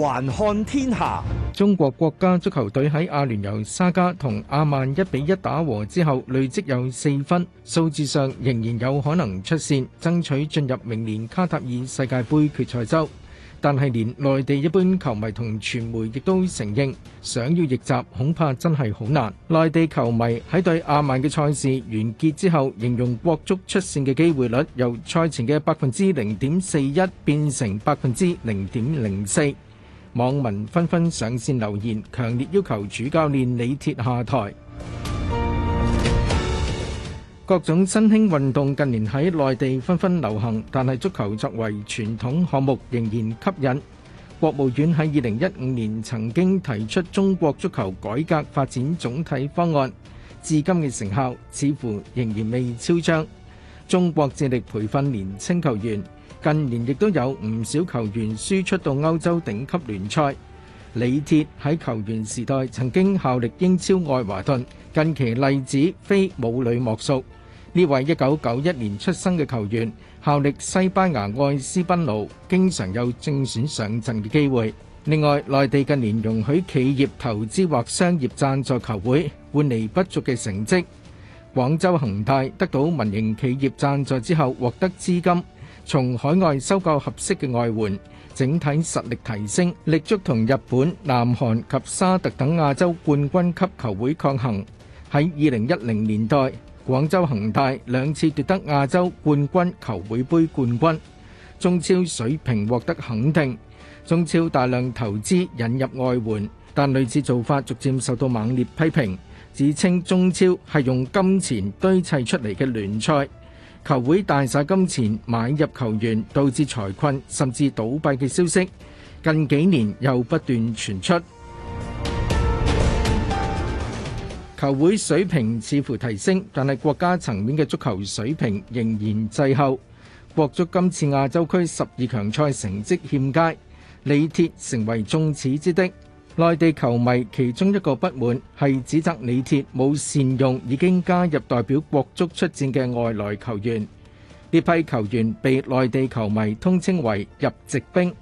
環看天下，中國國家足球隊喺阿聯酋沙加同阿曼一比一打和之後，累積有四分，數字上仍然有可能出線，爭取進入明年卡塔爾世界盃決賽週。但係連內地一般球迷同傳媒亦都承認，想要逆襲恐怕真係好難。內地球迷喺對阿曼嘅賽事完結之後，形容國足出線嘅機會率由賽前嘅百分之零點四一變成百分之零點零四。網民紛紛上線留言，強烈要求主教練李鐵下台。各種新興運動近年喺內地紛紛流行，但係足球作為傳統項目仍然吸引。國務院喺二零一五年曾經提出中國足球改革發展總體方案，至今嘅成效似乎仍然未超章。中國致力培訓年青球員，近年亦都有唔少球員輸出到歐洲頂級聯賽。李鐵喺球員時代曾經效力英超愛華頓，近期例子非武磊莫屬。呢位1991年出生嘅球員，效力西班牙愛斯賓奴，經常有正選上陣嘅機會。另外，內地近年容許企業投資或商業贊助球會，換嚟不俗嘅成績。廣州恒大得到民營企業贊助之後，獲得資金，從海外收購合適嘅外援，整體實力提升，力足同日本、南韓及沙特等亞洲冠軍級球會抗衡。喺二零一零年代，廣州恒大兩次奪得亞洲冠軍球會盃冠軍，中超水平獲得肯定。中超大量投資引入外援，但類似做法逐漸受到猛烈批評。指稱中超係用金錢堆砌出嚟嘅聯賽，球會大曬金錢買入球員，導致財困甚至倒閉嘅消息，近幾年又不斷傳出。球會水平似乎提升，但係國家層面嘅足球水平仍然滯後。國足今次亞洲區十二強賽成績欠佳，李鐵成為眾矢之的。內地球迷其中一個不滿係指責李鐵冇善用已經加入代表國足出戰嘅外來球員。呢批球員被內地球迷通稱為入籍兵，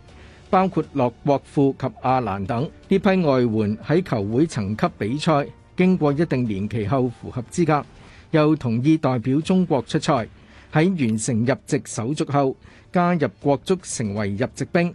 包括洛國富及阿蘭等。呢批外援喺球會層級比賽，經過一定年期後符合資格，又同意代表中國出賽，喺完成入籍手續後加入國足成為入籍兵。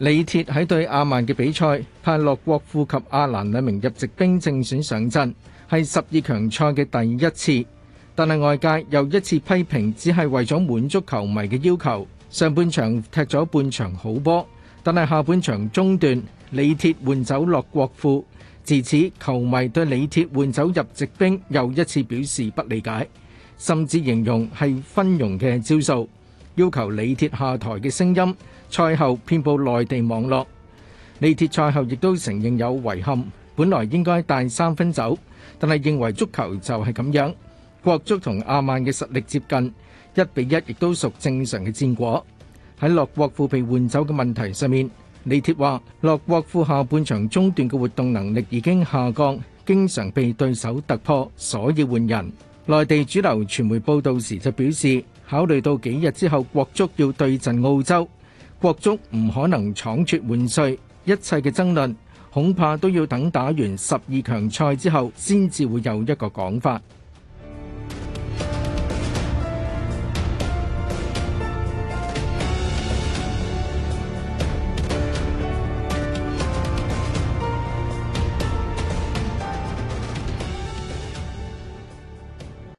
李鐵喺對阿曼嘅比賽派洛國富及阿蘭兩名入籍兵正選上陣，係十二強賽嘅第一次。但係外界又一次批評，只係為咗滿足球迷嘅要求。上半場踢咗半場好波，但係下半場中段李鐵換走洛國富，自此球迷對李鐵換走入籍兵又一次表示不理解，甚至形容係昏庸嘅招數。要求李鐵下台嘅聲音，賽後遍布內地網絡。李鐵賽後亦都承認有遺憾，本來應該帶三分走，但係認為足球就係咁樣，國足同阿曼嘅實力接近，一比一亦都屬正常嘅戰果。喺洛國富被換走嘅問題上面，李鐵話洛國富下半場中段嘅活動能力已經下降，經常被對手突破，所以換人。內地主流傳媒報道時就表示，考慮到幾日之後國足要對陣澳洲，國足唔可能臨陣換帥，一切嘅爭論恐怕都要等打完十二強賽之後，先至會有一個講法。